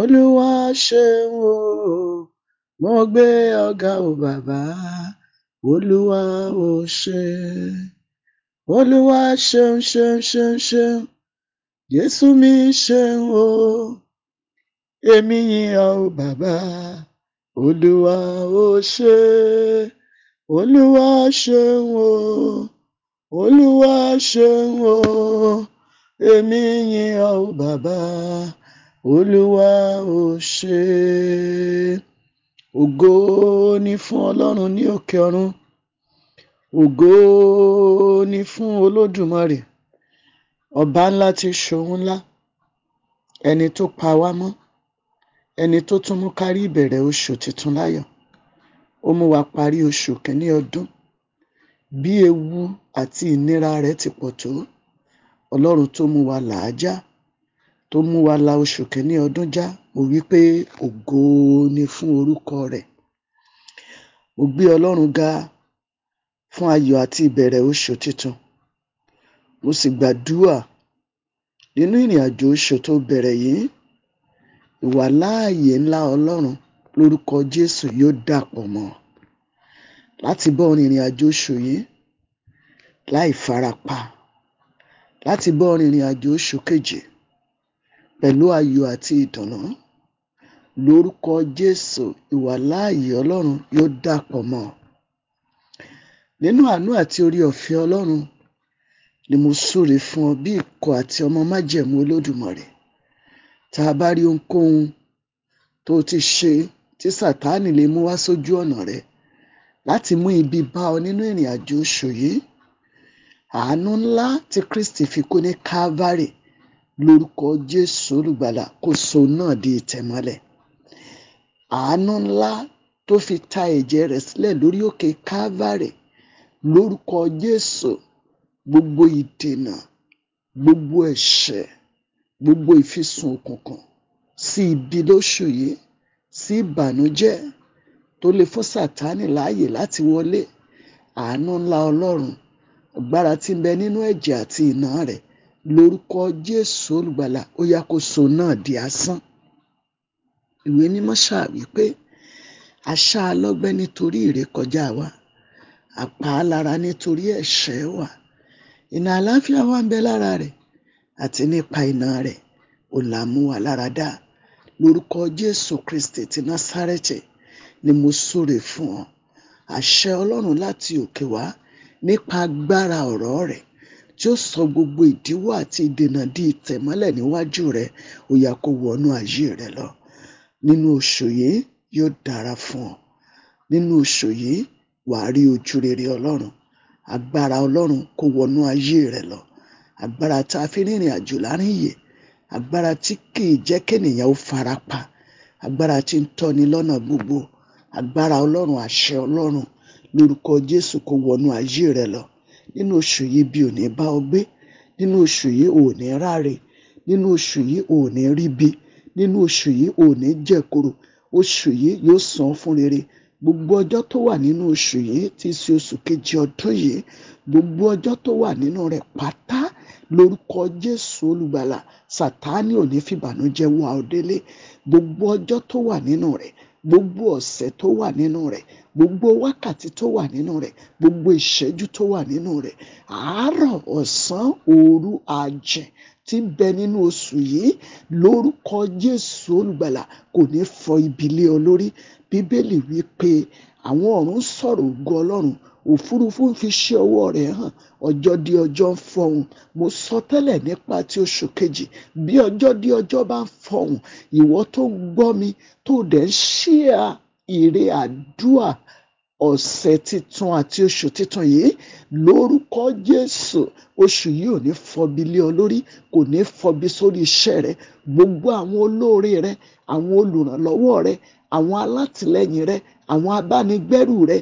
olúwa ṣeun o mo gbé ọ ga o bàbá olúwa ó ṣe olúwa ṣeun ṣeun ṣeun ṣeun jésù mi ṣeun o èmi yìn ọ́ o bàbá olúwa ó ṣe olúwa ṣeun o olúwa ṣeun o èmi yìn ọ́ o bàbá. Olúwa ò ṣe ògo ni fún Ọlọ́run ní òkè ọ̀run ògo ni fún Olódùmarè ọba ńlá tí í ṣohun ńlá ẹni tó pa wá mọ́ ẹni tó tún mú kárí ìbẹ̀rẹ̀ oṣù tuntun láyọ̀ ó mú wa parí oṣù kìíní ọdún bí ewu àti ìnira rẹ̀ ti pọ̀ tó Ọlọ́run tó mú wa là tó mú wa la oṣù kìíní ọdún já mo wí pé ògo ni fún orúkọ rẹ̀ mo gbé ọlọ́run ga fún ayọ̀ àti ìbẹ̀rẹ̀ oṣù tuntun mo sì gbàdúrà nínú ìrìn àjò oṣù tó bẹ̀rẹ̀ yìí ìwàláàyè ńlá ọlọ́run lórúkọ jésù yóò dàpọ̀ mọ́ láti bá ọ rìnrìn oṣù yìí láì farapa láti bá ọ oṣù keje pẹ̀lú ayọ̀ àti ìdùnnú. Lórúkọ Jésù, ìwàláàyè Ọlọ́run yóò dàpọ̀ mọ́ ọ. Nínú àánú àti orí ọ̀fẹ́ Ọlọ́run ni mo súre fún ọ bí ikọ̀ àti ọmọ májẹ̀mú Olódùmarè. Tá a bá rí ohunkóhun tó ti ṣe tí Sàtáánì lè mú wá sójú ọ̀nà rẹ láti mú ibi bá ọ nínú ìrìn àjò oṣù yìí, àánú ńlá tí Kristi fi kú ní Calvary lórúkọ Jésù olùgbàlà kó so náà di ìtẹ̀mọ́lẹ̀ àánú ńlá tó fi ta ẹ̀jẹ̀ rẹ̀ sílẹ̀ lórí òkè Kávárì lórúkọ Jésù gbogbo ìdènà gbogbo ẹ̀ṣẹ̀ gbogbo ìfisùn òkùnkùn sí ibi lóṣù yìí sí ìbànújẹ́ tó lè fún Sátánì láàyè láti wọlé àánú ńlá Ọlọ́run agbára tí ń bẹ nínú ẹ̀jẹ̀ àti iná rẹ̀ lórúkọ Jésù olùgbàlà ó yá kó so náà di asán ìwé mímọ́ ṣàwí pé aṣá lọ́gbẹ́ nítorí ìrékọjá wa àpá lára nítorí ẹ̀ṣẹ̀ wa ìnà àlàáfíà wa ń bẹ lára rẹ̀ àti nípa ìnà rẹ̀ ó là mú wa lára dá lórúkọ Jésù Kristi ti Násárẹ́tì ni mo súre fún ọ àṣẹ Ọlọ́run láti òkè wá nípa agbára ọ̀rọ̀ rẹ̀ tí ó sọ gbogbo ìdíwọ́ àti ìdènà di ìtẹ̀mọ́lẹ̀ níwájú rẹ ó yá kó wọnú ayé rẹ lọ nínú oṣù yìí yóò dára fún ọ nínú oṣù yìí wàá rí ojú rere Ọlọ́run agbára Ọlọ́run kó wọnú ayé rẹ lọ agbára tá a fi rìnrìn àjò láàrin yìí agbára tí kì jẹ́ kénìyàn ó farapa agbára tí ń tọ́ni lọ́nà gbogbo agbára Ọlọ́run àṣẹ Ọlọ́run lórúkọ Jésù kó wọnú ayé rẹ lọ nínú oṣù yìí ibi ò ní bá ọ gbé nínú oṣù yìí ò ní ráre nínú oṣù yìí ò ní ríbi nínú oṣù yìí ò ní jẹ̀kúrò oṣù yìí yóò san fún rere gbogbo ọjọ́ tó wà nínú oṣù yìí ti ṣe oṣù kejì ọdún yìí gbogbo ọjọ́ tó wà nínú rẹ̀ pátá lórúkọ jésù olùgbàlà sátánì ò ní fìbànújẹ́ wá délé gbogbo ọjọ́ tó wà nínú rẹ̀ gbogbo ọ̀sẹ̀ tó wà nínú rẹ̀ gbogbo wákàtí tó wà nínú rẹ̀ gbogbo ìṣẹ́jú tó wà nínú rẹ̀ àárọ̀ ọ̀sán òru àjẹ tí ń bẹ nínú oṣù yìí lórúkọ Jésù olùgbàlà kò ní fọ ibi lé ọ lórí bíbélì wí pé àwọn ọ̀run sọ̀rọ̀ ògo Ọlọ́run òfurufú ń fi ṣe ọwọ́ rẹ̀ hàn ọjọ́ di ọjọ́ ń fọhùn mo sọ tẹ́lẹ̀ nípa ti oṣù kejì bí ọjọ́ di ọjọ́ bá ń fọhùn ìwọ tó ń gbọ́ mi tó dẹ̀ ń ṣíà ire àdúà ọ̀sẹ̀ titun àti oṣù titun yìí lórúkọ Jésù oṣù yìí ò ní fọbi lé ọ kò ní fọbi sórí iṣẹ́ rẹ gbogbo àwọn olóore rẹ àwọn olùrànlọ́wọ́ rẹ àwọn alátìlẹyìn rẹ àwọn abánigbẹ́rù rẹ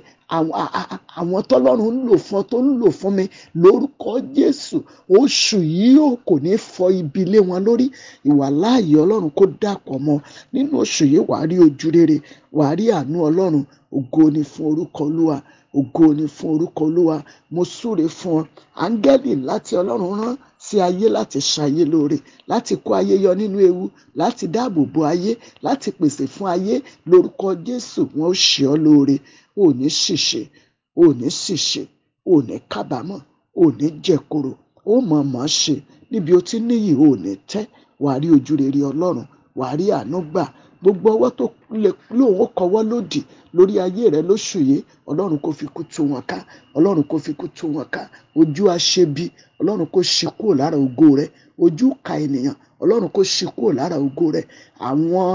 àwọn tọ́lọ́run ń lò fún ọ tó ń lò fún mi lórúkọ Jésù oṣù yìí ò kò ní fọ ibi lé wọn lórí ìwà láàyè Ọlọ́run kó dàpọ̀ mọ́ nínú oṣù yìí wàá rí ojú rere wàá rí àánú Ọlọ́run ògo ni fún orúkọ Olúwa ògo ni fún orúkọ Olúwa mo súre fún ọ áńgẹ́lì láti Ọlọ́run rán sí ayé láti ṣayé lóore láti kó ayé yọ nínú ewu láti dáàbò bo ayé láti pèsè fún ayé lórúkọ Jésù wọn ó ṣe ọ́ lóore ò ní ṣìṣe ò ní ṣìṣe ò ní kábàámọ̀ ò ní jẹ̀kòrò ó ṣe níbi ó ti níyì ò ní wàá rí ojú rere wàá rí àánú gbà gbogbo ọwọ́ tó lòun ó kọwọ́ lòdì lórí ayé rẹ lóṣù yìí ọlọ́run kò fi kú tú wọn ká ọlọ́run kò fi kú tú wọn ká ojú aṣebi ọlọ́run kò ṣí kúrò lára ògo rẹ ojú ka ènìyàn ọlọ́run kò ṣí kúrò lára ògo rẹ àwọn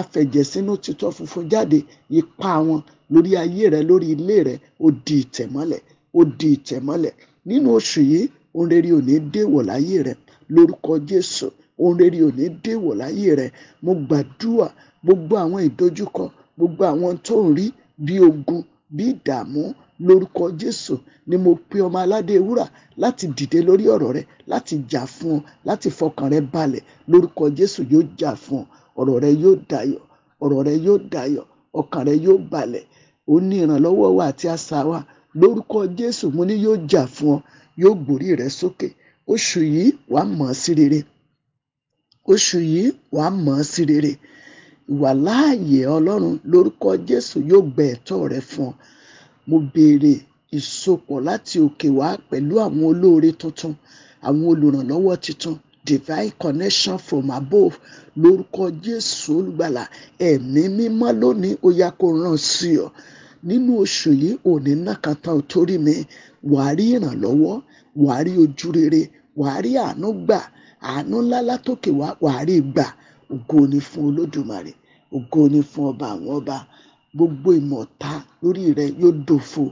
afẹ̀jẹ̀sínú titọ́ funfun jáde ipa wọn lórí ayé rẹ lórí ilé rẹ ó di ìtẹ̀mọ́lẹ̀ ó di ìtẹ̀mọ́lẹ̀ nínú oṣù yìí ohun rere ò déwọ̀ láyé rẹ lórúkọ jésù ohun rere ò ní dèwọ̀ láyé rẹ mo gbàdúrà gbogbo àwọn ìdojúkọ gbogbo àwọn tó ń rí bí ogun bí ìdààmú lórúkọ jésù ni mo pe ọmọ aládé wúrà láti dìde lórí ọ̀rọ̀ rẹ láti jà fún ọ láti fọkàn rẹ balẹ̀ lórúkọ jésù yóò jà fún ọ ọ̀rọ̀ rẹ yóò dayọ̀ ọ̀rọ̀ rẹ yóò dayọ̀ ọkàn rẹ yóò balẹ̀ ó ní ìrànlọ́wọ́ wa àti àṣà wa lórúkọ jésù mo ní yóò jà fún ọ yóò gbórí rẹ sókè oṣù yìí wàá mọ̀ ọ́ sí rere oṣù yìí wàá mọ̀ ọ́ sí rere ìwà láàyè ọlọ́run lórúkọ jésù yóò gbẹ ẹ̀tọ́ rẹ fún ọ mo béèrè ìsopọ̀ láti òkè wá pẹ̀lú àwọn olóore tuntun àwọn olùrànlọ́wọ́ tuntun divine connection from above lórúkọ jésù olùgbàlà ẹ̀mí mímọ́ lónìí ó yá kó ràn sí ọ nínú oṣù yìí òní náà kan tán torí mi wàá rí ìrànlọ́wọ́ wàá rí ojú rere wàá rí àánú gbà àánú ńlá látòkè wá wàá rí gbà ògo ni fún olódùmarè ògo ni fún ọba àwọn ọba gbogbo ìmọ̀ta lórí rẹ yóò dòfo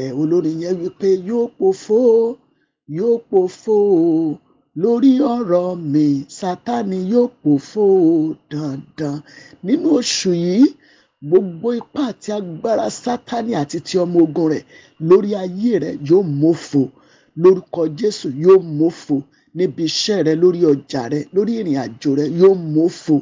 ẹ olórin yẹn wípé yóò pòfo yóò pòfo lórí ọ̀rọ̀ mi sátani yóò pòfo dandan nínú oṣù yìí gbogbo ipá àti agbára sátani àti ti ọmọ ogun rẹ lórí ayé rẹ yóò mọ̀fo lórúkọ Jésù yóò mófo níbi iṣẹ́ rẹ lórí ọjà rẹ lórí ìrìn àjò rẹ yóò mófo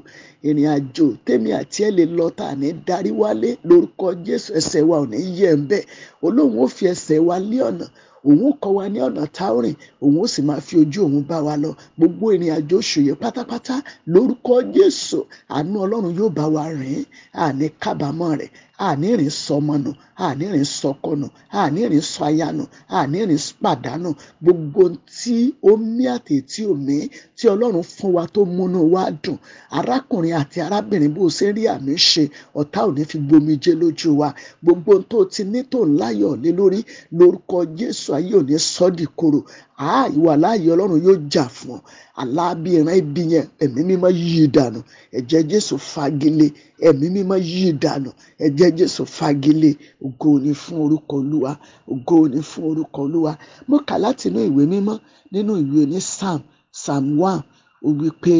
ìrìn àjò tèmi àti ẹ lè lọ tà ní darí wálé lórúkọ Jésù ẹsẹ̀ wa ò ní yẹ̀ ń bẹ̀ Olóhun ó fi ẹsẹ̀ wa lé ọ̀nà òun kọ́ wa ní ọ̀nà tá ó rìn òun ó sì máa fi ojú òun bá wa lọ gbogbo ìrìn àjò ṣòye pátápátá lórúkọ Jésù àánú Ọlọ́run yóò bá wa rìn àní kábàámọ̀ rẹ̀ ànírìn sọmọnù ànírìn sọkọnù ànírìn sọayanù ànírìn pàdánù gbogbo tí omi àti tí omi tí ọlọ́run fún wa tó múnú wa dùn arákùnrin àti arábìnrin bó ṣe rí àmì ṣe ọ̀tá ò ní fi gbomijé lójú wa gbogbo tó ti ní tó ń láyọ̀ lé lórí lórúkọ Jésù ayé ò ní sọ́ọ̀dì koro àá ìwà láàyè ọlọ́run yóò jà fún ọ alábìrin ibi yẹn ẹ̀mí mímọ́ yí i dànù ẹ̀jẹ̀ jésù fagilé ẹ̀mí mímọ́ yí i dànù ẹ̀jẹ̀ jésù fagilé ògo ni fún orúkọ olúwa ògo ni fún orúkọ olúwa mo kà láti inú ìwé mímọ́ nínú ìwé ní psalm psalm one ó wí pé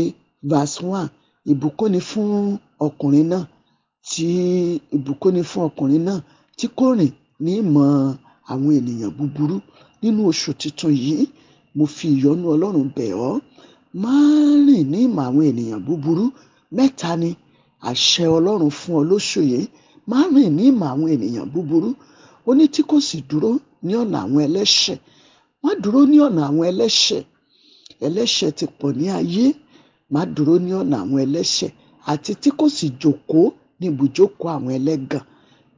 verse one ìbùkún ni fún ọkùnrin náà tí ìbùkún ni fún ọkùnrin náà tí kò rìn ní ìmọ̀ ọ́ àwọn ènìyàn búburú nínú oṣù tuntun yìí mo fi ìyọ́nú Ọlọ́run bẹ̀ ọ́ má rìn ní ìmọ̀ àwọn ènìyàn búburú mẹ́ta ni àṣẹ Ọlọ́run fún ọ lóṣù yìí má rìn ní ìmọ̀ àwọn ènìyàn búburú ó ní tí kò sì dúró ní ọ̀nà àwọn ẹlẹ́ṣẹ̀ má dúró ní ọ̀nà àwọn ẹlẹ́ṣẹ̀ ẹlẹ́ṣẹ̀ ti pọ̀ ní ayé má dúró ní ọ̀nà àwọn ẹlẹ́ṣẹ̀ àti tí kò sì jòkó ní ibùjókòó àwọn ẹlẹ́gàn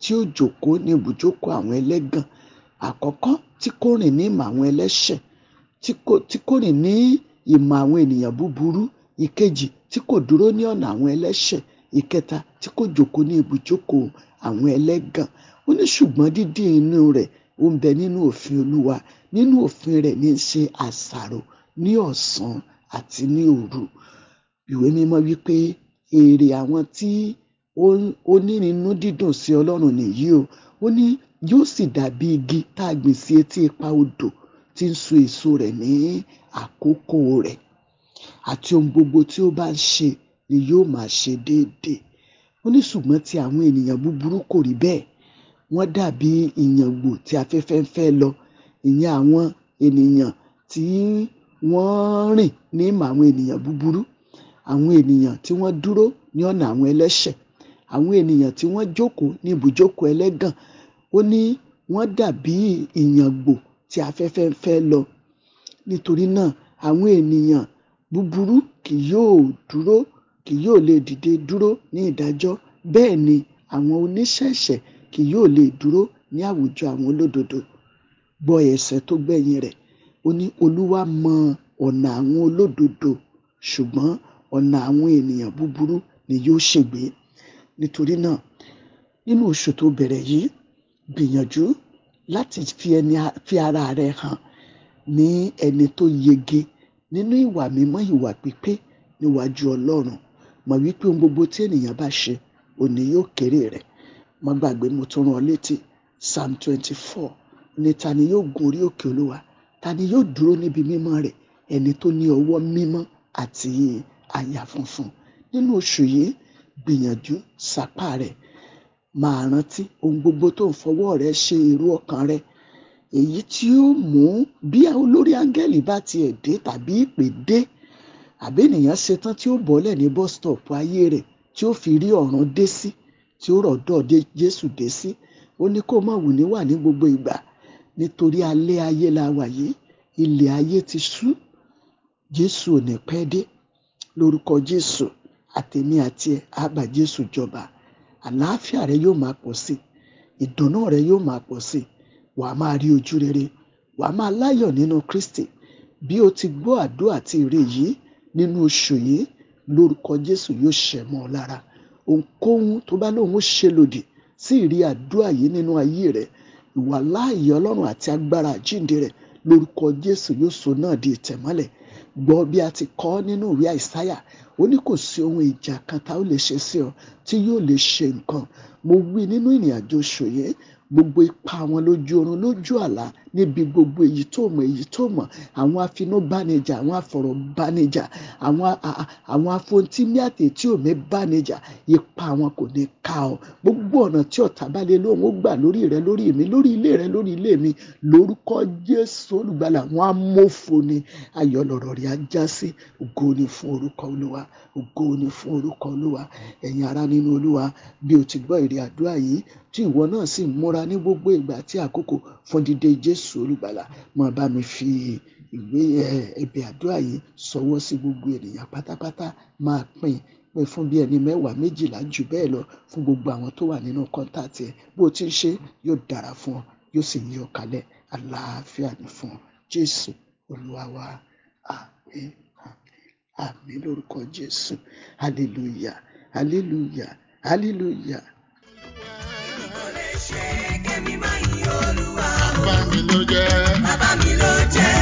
tí ó jòkó ní ibùjókòó àwọn ẹlẹ́gàn Àkọ́kọ́, tí kò rìn ní ìmọ̀ àwọn ẹlẹ́ṣẹ̀, tí kò tí kò rìn ní ìmọ̀ àwọn ènìyàn búburú. Ìkejì, tí kò dúró ní ọ̀nà àwọn ẹlẹ́ṣẹ̀. Ìkẹta, tí kò jókòó ní ibùjókòó àwọn ẹlẹ́gàn. Ó ní ṣùgbọ́n dídín inú rẹ̀, ó ń bẹ nínú òfin Olúwa. Nínú òfin rẹ̀ ní í ṣe àṣàrò ní ọ̀sán àti ní òru. Ìwé Mímọ́ wí èrè àwọn tí ó ó dídùn sí Ọlọ́run nìyí o. Ó ní yóò sì dàbí igi tá a gbìn sí etí ipa odò tí ń so èso rẹ̀ ní àkókò rẹ̀ àti ohun gbogbo tí ó bá ń ṣe ni yóò máa ṣe déédéé ó ní ṣùgbọ́n ti àwọn ènìyàn búburú kò rí bẹ́ẹ̀ wọ́n dàbí ìyàngbò tí afẹ́fẹ́ ń fẹ́ lọ ìyẹn àwọn ènìyàn tí wọ́n rìn ní ìmọ̀ àwọn ènìyàn búburú àwọn ènìyàn tí wọ́n dúró ní ọ̀nà àwọn ẹlẹ́ṣẹ̀ àwọn ènìyàn tí wọ́n jókòó ní ibùjókòó ẹlẹ́gàn ó ní wọ́n dàbí ìyàngbò tí afẹ́fẹ́ ń fẹ́ lọ. Nítorí náà àwọn ènìyàn búburú kì yóò dúró kì yóò leè dìde dúró ní ìdájọ́ bẹ́ẹ̀ ni àwọn oníṣẹ̀ṣẹ̀ kì yóò leè dúró ní àwùjọ àwọn olódodo. Gbọ́ ẹsẹ̀ tó gbẹ̀yìn rẹ̀, ó ní Olúwa mọ ọ̀nà àwọn olódodo ṣùgbọ́n ọ̀nà àwọn ènìyàn búburú ni yóò ṣègbé. Nítorí náà nínú oṣù tó bẹ̀rẹ̀ yìí gbìyànjú láti fi ẹni fi ara rẹ hàn ní ẹni tó yege nínú ìwà mímọ́ ìwà pípé níwájú Ọlọ́run mọ̀ wípé ohun gbogbo tí ènìyàn bá ṣe òun ni yóò kérè rẹ̀ má gbàgbé mo tún rán ọ létí psalm twenty four ní ta ni yóò gun orí òkè Olúwa ta ni yóò dúró níbi mímọ́ rẹ̀ ẹni tó ní ọwọ́ mímọ́ àti àyà funfun nínú oṣù yìí gbìyànjú sapá rẹ̀ máa rántí ohun gbogbo tó ń fọwọ́ rẹ ṣe èrò ọkàn rẹ èyí tí ó mú bí olórí áńgẹ́lì bá tiẹ̀ dé tàbí ìpè dé àbí ènìyàn ṣetán tí ó bọ́lẹ̀ ní bus stop ayé rẹ̀ tí ó fi rí ọ̀run dé sí tí ó rọ̀dọ̀ dé Jésù dé sí ó ní kó má ní wà ní gbogbo ìgbà nítorí alẹ́ ayé la wà yìí ilẹ̀ ayé ti ṣú Jésù ò ní pẹ́ dé lórúkọ Jésù àtèmi àti ẹ á Jésù jọba àlàáfíà rẹ yóò máa pọ̀ sí i ìdùnnú rẹ yóò máa pọ̀ sí wàá máa rí ojú rere wàá máa láyọ̀ nínú Kristi bí o ti gbọ́ àdúrà àti ìre yìí nínú oṣù yìí lórúkọ Jésù yóò ṣẹ mọ́ ọ lára ohunkóhun tó bá lóun ó ṣe lòdì sí ìrí àdúrà yìí nínú ayé rẹ ìwà láàyè Ọlọ́run àti agbára àjíǹde rẹ lórúkọ Jésù yóò sọ náà di ìtẹ̀mọ́lẹ̀ gbọ́ bí a ti kọ nínú ìwé àìsáyà ó ní kò sí ohun ìjà kan tá ó lè ṣe sí ọ tí yóò lè ṣe nǹkan mo wí nínú ìrìn àjò ṣòye gbogbo ipa wọn lójú oorun lójú àlá níbi gbogbo èyí tó mọ̀ èyí tó mọ̀ àwọn afinúbánijà àwọn afọ̀rọ̀bánijà àwọn àwọn afontímí àtẹ̀tí òmí bánijà ipa àwọn kò ní ká ọ gbogbo ọ̀nà tí ọ̀tá bá lé lóhùn ó gbà lórí rẹ lórí mi lórí ilé rẹ lórí ilé mi lórúkọ Jésù olùgbàlà àwọn amófo ni ayọ̀ lọ̀rọ̀ rẹ̀ á já sí ògo ni fún orúkọ Olúwa ògo ni fún orúkọ Olúwa ẹ̀yin ará nínú Olúwa bí o ti gbọ́ èrè àdúrà yìí tí ìwọ náà sì múra ní gbogbo ìgbà àti àkókò fún dídé Jésù jésù olùgbàlà máa bá mi fi ìwé ẹ̀bẹ̀ àdúrà yìí sọwọ́ sí gbogbo ènìyàn pátápátá máa pín pín fún bí ẹni mẹ́wàá méjìlá jù bẹ́ẹ̀ lọ fún gbogbo àwọn tó wà nínú kọ́ńtàtì ẹ bó o ti ń ṣe yóò dára fún ọ yóò sì yí ọ kalẹ̀ àlàáfíà ni fún ọ jésù olúwa wa àmín lórúkọ jésù hallelujah hallelujah hallelujah. ló jẹ́. Bàbá mi ló jẹ́,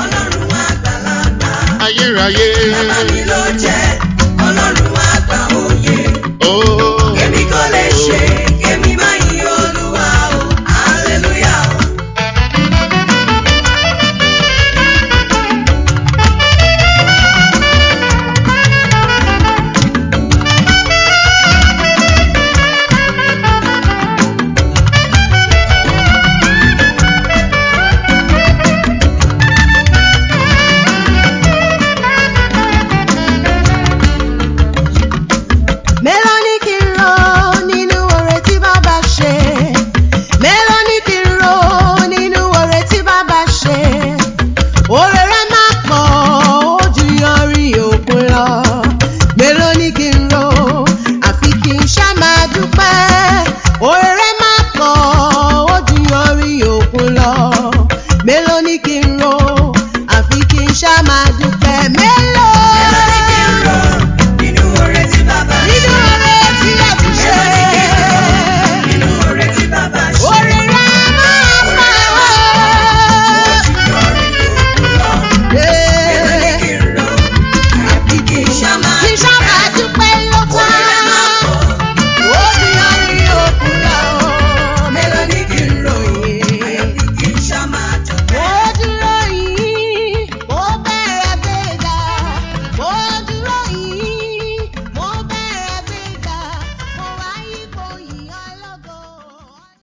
Ọlọ́run àgbàlagbà. Ayérayé. Bàbá mi